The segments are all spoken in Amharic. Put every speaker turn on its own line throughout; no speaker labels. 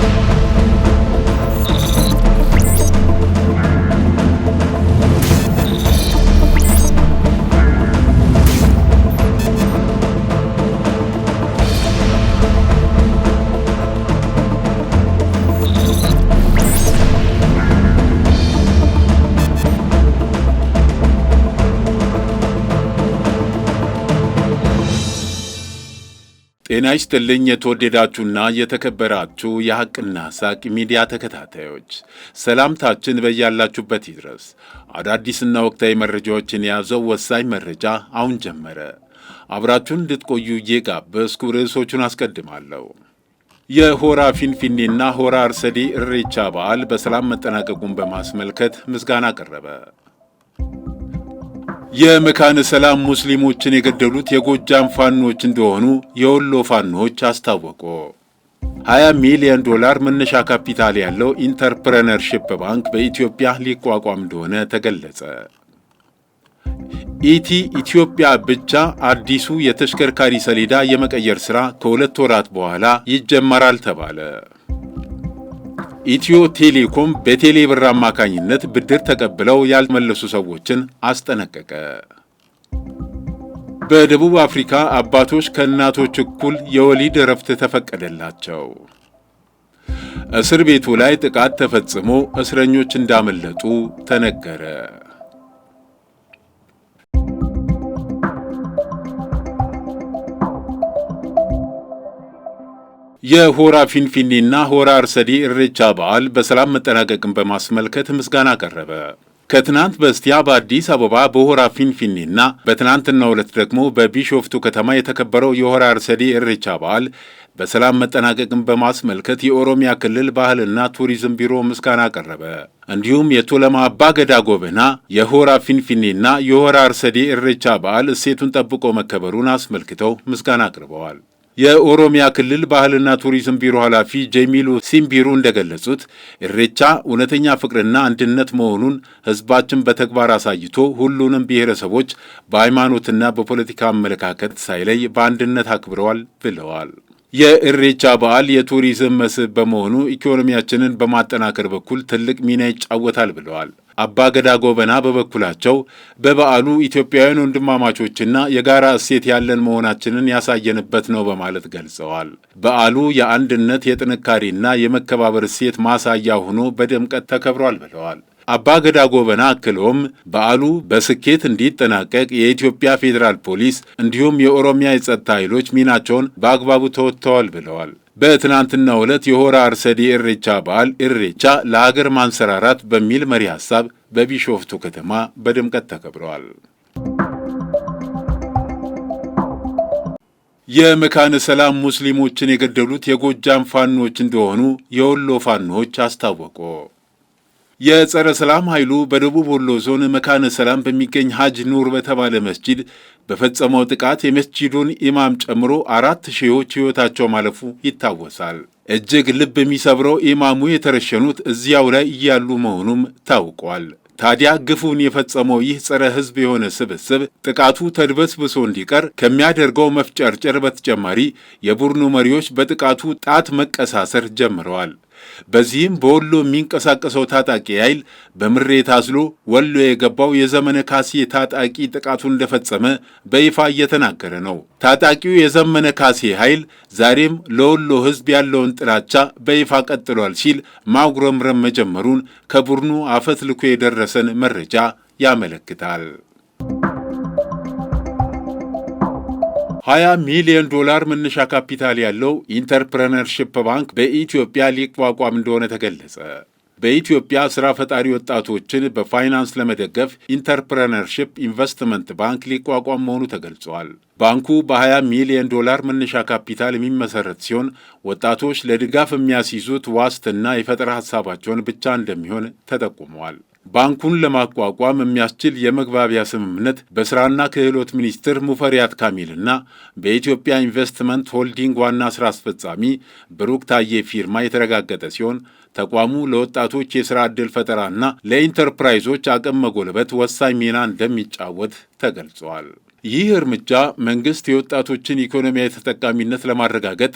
Thank you. ጤና ይስጥልኝ የተወደዳችሁና የተከበራችሁ የሐቅና ሳቅ ሚዲያ ተከታታዮች፣ ሰላምታችን በያላችሁበት ይድረስ። አዳዲስና ወቅታዊ መረጃዎችን የያዘው ወሳኝ መረጃ አሁን ጀመረ። አብራችሁን እንድትቆዩ እየጋበዝኩ ርዕሶቹን አስቀድማለሁ። የሆራ ፊንፊኔና ሆራ አርሰዴ እሬቻ በዓል በሰላም መጠናቀቁን በማስመልከት ምስጋና ቀረበ። የመካነ ሰላም ሙስሊሞችን የገደሉት የጎጃም ፋኖች እንደሆኑ የወሎ ፋኖች አስታወቁ። 20 ሚሊዮን ዶላር መነሻ ካፒታል ያለው ኢንተርፕረነርሺፕ ባንክ በኢትዮጵያ ሊቋቋም እንደሆነ ተገለጸ። ኢቲ ኢትዮጵያ ብቻ አዲሱ የተሽከርካሪ ሰሌዳ የመቀየር ሥራ ከሁለት ወራት በኋላ ይጀመራል ተባለ። ኢትዮ ቴሌኮም በቴሌ ብር አማካኝነት ብድር ተቀብለው ያልመለሱ ሰዎችን አስጠነቀቀ። በደቡብ አፍሪካ አባቶች ከእናቶች እኩል የወሊድ እረፍት ተፈቀደላቸው። እስር ቤቱ ላይ ጥቃት ተፈጽሞ እስረኞች እንዳመለጡ ተነገረ። የሆራ ፊንፊኔና ሆራ አርሰዴ እሬቻ በዓል በሰላም መጠናቀቅን በማስመልከት ምስጋና ቀረበ። ከትናንት በስቲያ በአዲስ አበባ በሆራ ፊንፊኔና በትናንትናው ዕለት ደግሞ በቢሾፍቱ ከተማ የተከበረው የሆራ አርሰዴ እሬቻ በዓል በሰላም መጠናቀቅን በማስመልከት የኦሮሚያ ክልል ባህልና ቱሪዝም ቢሮ ምስጋና ቀረበ። እንዲሁም የቶለማ ገዳ ጎበና የሆራ ፊንፊኔና የሆራ አርሰዴ እሬቻ በዓል እሴቱን ጠብቆ መከበሩን አስመልክተው ምስጋና አቅርበዋል። የኦሮሚያ ክልል ባህልና ቱሪዝም ቢሮ ኃላፊ ጀሚሉ ሲምቢሩ እንደገለጹት እሬቻ እውነተኛ ፍቅርና አንድነት መሆኑን ህዝባችን በተግባር አሳይቶ ሁሉንም ብሔረሰቦች በሃይማኖትና በፖለቲካ አመለካከት ሳይለይ በአንድነት አክብረዋል ብለዋል። የእሬቻ በዓል የቱሪዝም መስህብ በመሆኑ ኢኮኖሚያችንን በማጠናከር በኩል ትልቅ ሚና ይጫወታል ብለዋል። አባገዳ ጎበና በበኩላቸው በበዓሉ ኢትዮጵያውያን ወንድማማቾችና የጋራ እሴት ያለን መሆናችንን ያሳየንበት ነው በማለት ገልጸዋል። በዓሉ የአንድነት የጥንካሬና የመከባበር እሴት ማሳያ ሆኖ በድምቀት ተከብሯል ብለዋል። አባገዳ ጎበና አክሎም በዓሉ በስኬት እንዲጠናቀቅ የኢትዮጵያ ፌዴራል ፖሊስ እንዲሁም የኦሮሚያ የጸጥታ ኃይሎች ሚናቸውን በአግባቡ ተወጥተዋል ብለዋል። በትናንትናው ዕለት የሆራ አርሰዴ እሬቻ በዓል እሬቻ ለአገር ማንሰራራት በሚል መሪ ሐሳብ በቢሾፍቱ ከተማ በድምቀት ተከብረዋል። የመካነ ሰላም ሙስሊሞችን የገደሉት የጎጃም ፋኖች እንደሆኑ የወሎ ፋኖች አስታወቁ። የጸረ ሰላም ኃይሉ በደቡብ ወሎ ዞን መካነ ሰላም በሚገኝ ሀጅ ኑር በተባለ መስጂድ በፈጸመው ጥቃት የመስጂዱን ኢማም ጨምሮ አራት ሺዎች ሕይወታቸው ማለፉ ይታወሳል። እጅግ ልብ የሚሰብረው ኢማሙ የተረሸኑት እዚያው ላይ እያሉ መሆኑም ታውቋል። ታዲያ ግፉን የፈጸመው ይህ ጸረ ሕዝብ የሆነ ስብስብ ጥቃቱ ተድበስብሶ እንዲቀር ከሚያደርገው መፍጨርጨር በተጨማሪ የቡድኑ መሪዎች በጥቃቱ ጣት መቀሳሰር ጀምረዋል። በዚህም በወሎ የሚንቀሳቀሰው ታጣቂ ኃይል በምሬት አዝሎ ወሎ የገባው የዘመነ ካሴ ታጣቂ ጥቃቱን እንደፈጸመ በይፋ እየተናገረ ነው። ታጣቂው የዘመነ ካሴ ኃይል ዛሬም ለወሎ ሕዝብ ያለውን ጥላቻ በይፋ ቀጥሏል ሲል ማጉረምረም መጀመሩን ከቡድኑ አፈትልኮ የደረሰን መረጃ ያመለክታል። 20 ሚሊዮን ዶላር መነሻ ካፒታል ያለው ኢንተርፕረነርሽፕ ባንክ በኢትዮጵያ ሊቋቋም እንደሆነ ተገለጸ። በኢትዮጵያ ሥራ ፈጣሪ ወጣቶችን በፋይናንስ ለመደገፍ ኢንተርፕረነርሺፕ ኢንቨስትመንት ባንክ ሊቋቋም መሆኑ ተገልጿል። ባንኩ በ20 ሚሊዮን ዶላር መነሻ ካፒታል የሚመሰረት ሲሆን ወጣቶች ለድጋፍ የሚያስይዙት ዋስትና የፈጠራ ሀሳባቸውን ብቻ እንደሚሆን ተጠቁመዋል። ባንኩን ለማቋቋም የሚያስችል የመግባቢያ ስምምነት በስራና ክህሎት ሚኒስትር ሙፈሪያት ካሚልና በኢትዮጵያ ኢንቨስትመንት ሆልዲንግ ዋና ስራ አስፈጻሚ ብሩክ ታዬ ፊርማ የተረጋገጠ ሲሆን ተቋሙ ለወጣቶች የሥራ ዕድል ፈጠራና ለኢንተርፕራይዞች አቅም መጎልበት ወሳኝ ሚና እንደሚጫወት ተገልጿል። ይህ እርምጃ መንግስት የወጣቶችን ኢኮኖሚያዊ ተጠቃሚነት ለማረጋገጥ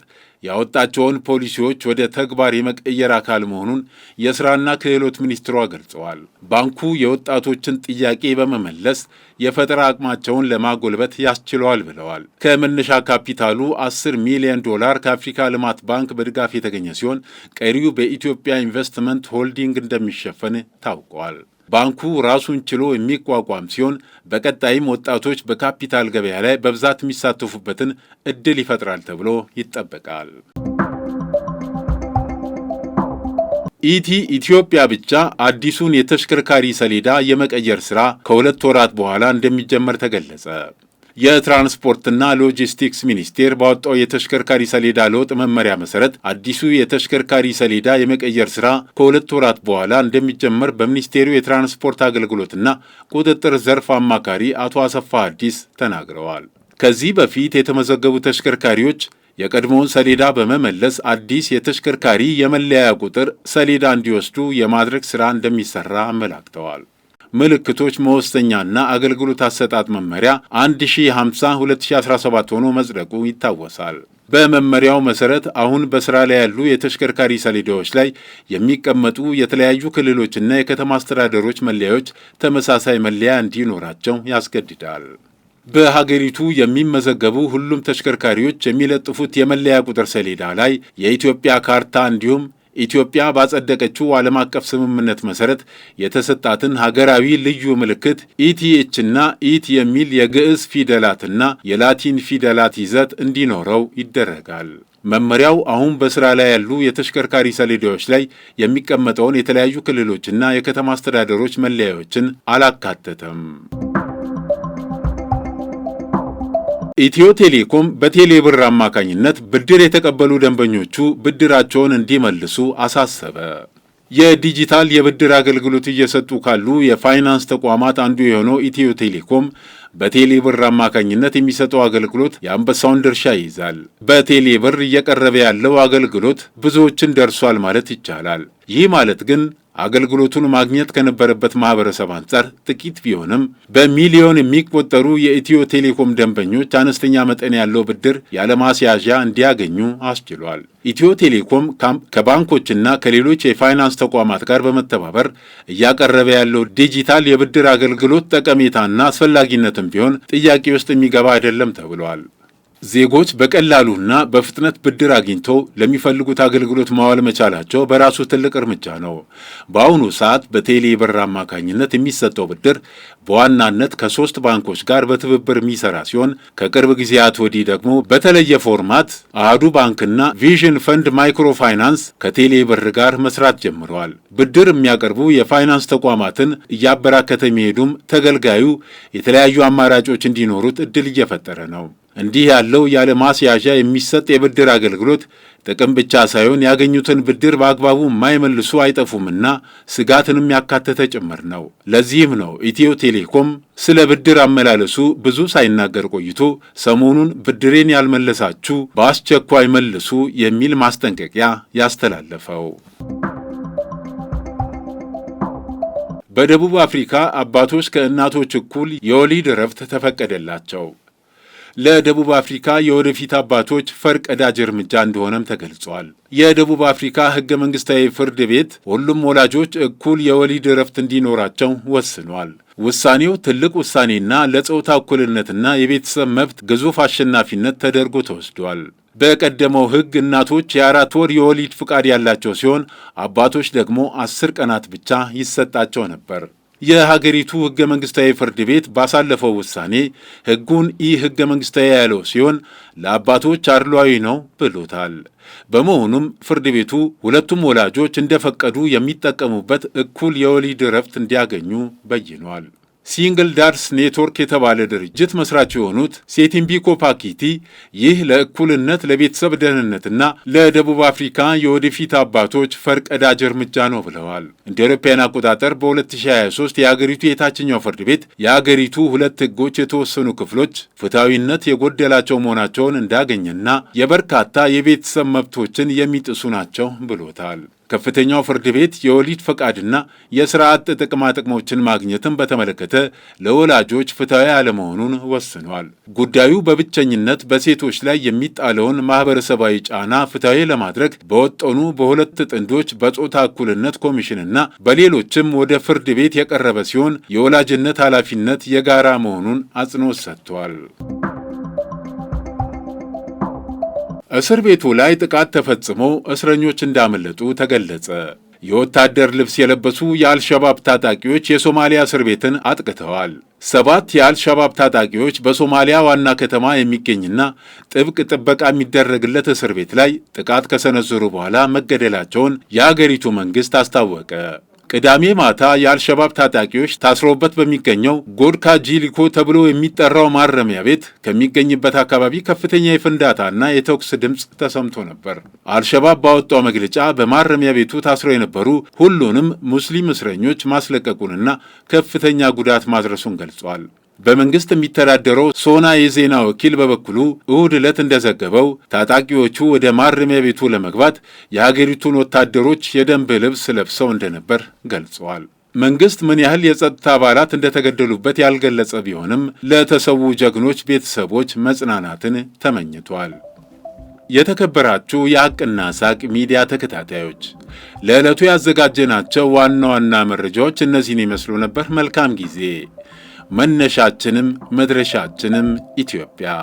ያወጣቸውን ፖሊሲዎች ወደ ተግባር የመቀየር አካል መሆኑን የሥራና ክህሎት ሚኒስትሯ ገልጸዋል። ባንኩ የወጣቶችን ጥያቄ በመመለስ የፈጠራ አቅማቸውን ለማጎልበት ያስችለዋል ብለዋል። ከመነሻ ካፒታሉ 10 ሚሊዮን ዶላር ከአፍሪካ ልማት ባንክ በድጋፍ የተገኘ ሲሆን ቀሪው በኢትዮጵያ ኢንቨስትመንት ሆልዲንግ እንደሚሸፈን ታውቋል። ባንኩ ራሱን ችሎ የሚቋቋም ሲሆን በቀጣይም ወጣቶች በካፒታል ገበያ ላይ በብዛት የሚሳተፉበትን እድል ይፈጥራል ተብሎ ይጠበቃል። ኢቲ ኢትዮጵያ ብቻ አዲሱን የተሽከርካሪ ሰሌዳ የመቀየር ስራ ከሁለት ወራት በኋላ እንደሚጀመር ተገለጸ። የትራንስፖርትና ሎጂስቲክስ ሚኒስቴር ባወጣው የተሽከርካሪ ሰሌዳ ለውጥ መመሪያ መሰረት አዲሱ የተሽከርካሪ ሰሌዳ የመቀየር ስራ ከሁለት ወራት በኋላ እንደሚጀመር በሚኒስቴሩ የትራንስፖርት አገልግሎትና ቁጥጥር ዘርፍ አማካሪ አቶ አሰፋ አዲስ ተናግረዋል። ከዚህ በፊት የተመዘገቡ ተሽከርካሪዎች የቀድሞውን ሰሌዳ በመመለስ አዲስ የተሽከርካሪ የመለያ ቁጥር ሰሌዳ እንዲወስዱ የማድረግ ስራ እንደሚሰራ አመላክተዋል። ምልክቶች መወሰኛና አገልግሎት አሰጣጥ መመሪያ 1050 2017 ሆኖ መጽደቁ ይታወሳል። በመመሪያው መሰረት አሁን በስራ ላይ ያሉ የተሽከርካሪ ሰሌዳዎች ላይ የሚቀመጡ የተለያዩ ክልሎችና የከተማ አስተዳደሮች መለያዎች ተመሳሳይ መለያ እንዲኖራቸው ያስገድዳል። በሀገሪቱ የሚመዘገቡ ሁሉም ተሽከርካሪዎች የሚለጥፉት የመለያ ቁጥር ሰሌዳ ላይ የኢትዮጵያ ካርታ እንዲሁም ኢትዮጵያ ባጸደቀችው ዓለም አቀፍ ስምምነት መሰረት የተሰጣትን ሀገራዊ ልዩ ምልክት ኢቲኤች ኢት የሚል የግዕዝ ፊደላትና የላቲን ፊደላት ይዘት እንዲኖረው ይደረጋል። መመሪያው አሁን በስራ ላይ ያሉ የተሽከርካሪ ሰሌዳዎች ላይ የሚቀመጠውን የተለያዩ ክልሎችና የከተማ አስተዳደሮች መለያዎችን አላካተተም። ኢትዮ ቴሌኮም በቴሌ ብር አማካኝነት ብድር የተቀበሉ ደንበኞቹ ብድራቸውን እንዲመልሱ አሳሰበ። የዲጂታል የብድር አገልግሎት እየሰጡ ካሉ የፋይናንስ ተቋማት አንዱ የሆነው ኢትዮ ቴሌኮም በቴሌ ብር አማካኝነት የሚሰጠው አገልግሎት የአንበሳውን ድርሻ ይይዛል። በቴሌ ብር እየቀረበ ያለው አገልግሎት ብዙዎችን ደርሷል ማለት ይቻላል። ይህ ማለት ግን አገልግሎቱን ማግኘት ከነበረበት ማህበረሰብ አንጻር ጥቂት ቢሆንም በሚሊዮን የሚቆጠሩ የኢትዮ ቴሌኮም ደንበኞች አነስተኛ መጠን ያለው ብድር ያለማስያዣ እንዲያገኙ አስችሏል። ኢትዮ ቴሌኮም ከባንኮችና ከሌሎች የፋይናንስ ተቋማት ጋር በመተባበር እያቀረበ ያለው ዲጂታል የብድር አገልግሎት ጠቀሜታና አስፈላጊነትም ቢሆን ጥያቄ ውስጥ የሚገባ አይደለም ተብሏል። ዜጎች በቀላሉና በፍጥነት ብድር አግኝተው ለሚፈልጉት አገልግሎት ማዋል መቻላቸው በራሱ ትልቅ እርምጃ ነው። በአሁኑ ሰዓት በቴሌ ብር አማካኝነት የሚሰጠው ብድር በዋናነት ከሶስት ባንኮች ጋር በትብብር የሚሰራ ሲሆን ከቅርብ ጊዜያት ወዲህ ደግሞ በተለየ ፎርማት አህዱ ባንክና ቪዥን ፈንድ ማይክሮ ፋይናንስ ከቴሌ ብር ጋር መስራት ጀምረዋል። ብድር የሚያቀርቡ የፋይናንስ ተቋማትን እያበራከተ መሄዱም ተገልጋዩ የተለያዩ አማራጮች እንዲኖሩት እድል እየፈጠረ ነው። እንዲህ ያለው ያለ ማስያዣ የሚሰጥ የብድር አገልግሎት ጥቅም ብቻ ሳይሆን ያገኙትን ብድር በአግባቡ የማይመልሱ አይጠፉምና ስጋትንም ያካተተ ጭምር ነው። ለዚህም ነው ኢትዮ ቴሌኮም ስለ ብድር አመላለሱ ብዙ ሳይናገር ቆይቶ ሰሞኑን ብድሬን ያልመለሳችሁ በአስቸኳይ መልሱ የሚል ማስጠንቀቂያ ያስተላለፈው። በደቡብ አፍሪካ አባቶች ከእናቶች እኩል የወሊድ እረፍት ተፈቀደላቸው። ለደቡብ አፍሪካ የወደፊት አባቶች ፈርቀዳጅ እርምጃ እንደሆነም ተገልጿል። የደቡብ አፍሪካ ህገ መንግስታዊ ፍርድ ቤት ሁሉም ወላጆች እኩል የወሊድ እረፍት እንዲኖራቸው ወስኗል። ውሳኔው ትልቅ ውሳኔና ለጾታ እኩልነትና የቤተሰብ መብት ግዙፍ አሸናፊነት ተደርጎ ተወስዷል። በቀደመው ህግ እናቶች የአራት ወር የወሊድ ፍቃድ ያላቸው ሲሆን አባቶች ደግሞ አስር ቀናት ብቻ ይሰጣቸው ነበር። የሀገሪቱ ህገ መንግስታዊ ፍርድ ቤት ባሳለፈው ውሳኔ ህጉን ይህ ህገ መንግስታዊ ያለው ሲሆን ለአባቶች አድሏዊ ነው ብሎታል። በመሆኑም ፍርድ ቤቱ ሁለቱም ወላጆች እንደፈቀዱ የሚጠቀሙበት እኩል የወሊድ እረፍት እንዲያገኙ በይኗል። ሲንግል ዳርስ ኔትወርክ የተባለ ድርጅት መስራች የሆኑት ሴቲምቢኮ ፓኪቲ ይህ ለእኩልነት ለቤተሰብ ደህንነትና ለደቡብ አፍሪካ የወደፊት አባቶች ፈርቀዳጅ እርምጃ ነው ብለዋል። እንደ አውሮፓውያን አቆጣጠር በ2023 የአገሪቱ የታችኛው ፍርድ ቤት የአገሪቱ ሁለት ሕጎች የተወሰኑ ክፍሎች ፍትሐዊነት የጎደላቸው መሆናቸውን እንዳገኘና የበርካታ የቤተሰብ መብቶችን የሚጥሱ ናቸው ብሎታል። ከፍተኛው ፍርድ ቤት የወሊድ ፈቃድና የስርዓት ጥቅማ ጥቅሞችን ማግኘትን በተመለከተ ለወላጆች ፍትሐዊ አለመሆኑን ወስኗል። ጉዳዩ በብቸኝነት በሴቶች ላይ የሚጣለውን ማህበረሰባዊ ጫና ፍትሐዊ ለማድረግ በወጠኑ በሁለት ጥንዶች በጾታ እኩልነት ኮሚሽንና በሌሎችም ወደ ፍርድ ቤት የቀረበ ሲሆን የወላጅነት ኃላፊነት የጋራ መሆኑን አጽንኦት ሰጥቷል። እስር ቤቱ ላይ ጥቃት ተፈጽሞ እስረኞች እንዳመለጡ ተገለጸ። የወታደር ልብስ የለበሱ የአልሸባብ ታጣቂዎች የሶማሊያ እስር ቤትን አጥቅተዋል። ሰባት የአልሸባብ ታጣቂዎች በሶማሊያ ዋና ከተማ የሚገኝና ጥብቅ ጥበቃ የሚደረግለት እስር ቤት ላይ ጥቃት ከሰነዘሩ በኋላ መገደላቸውን የአገሪቱ መንግሥት አስታወቀ። ቅዳሜ ማታ የአልሸባብ ታጣቂዎች ታስረውበት በሚገኘው ጎድካ ጂሊኮ ተብሎ የሚጠራው ማረሚያ ቤት ከሚገኝበት አካባቢ ከፍተኛ የፍንዳታና የተኩስ ድምፅ ተሰምቶ ነበር። አልሸባብ ባወጣው መግለጫ በማረሚያ ቤቱ ታስረው የነበሩ ሁሉንም ሙስሊም እስረኞች ማስለቀቁንና ከፍተኛ ጉዳት ማድረሱን ገልጿል። በመንግስት የሚተዳደረው ሶና የዜና ወኪል በበኩሉ እሁድ ዕለት እንደዘገበው ታጣቂዎቹ ወደ ማረሚያ ቤቱ ለመግባት የሀገሪቱን ወታደሮች የደንብ ልብስ ለብሰው እንደነበር ገልጸዋል። መንግስት ምን ያህል የጸጥታ አባላት እንደተገደሉበት ያልገለጸ ቢሆንም ለተሰዉ ጀግኖች ቤተሰቦች መጽናናትን ተመኝቷል። የተከበራችሁ የሐቅና ሳቅ ሚዲያ ተከታታዮች ለዕለቱ ያዘጋጀናቸው ዋና ዋና መረጃዎች እነዚህን ይመስሉ ነበር። መልካም ጊዜ መነሻችንም መድረሻችንም ኢትዮጵያ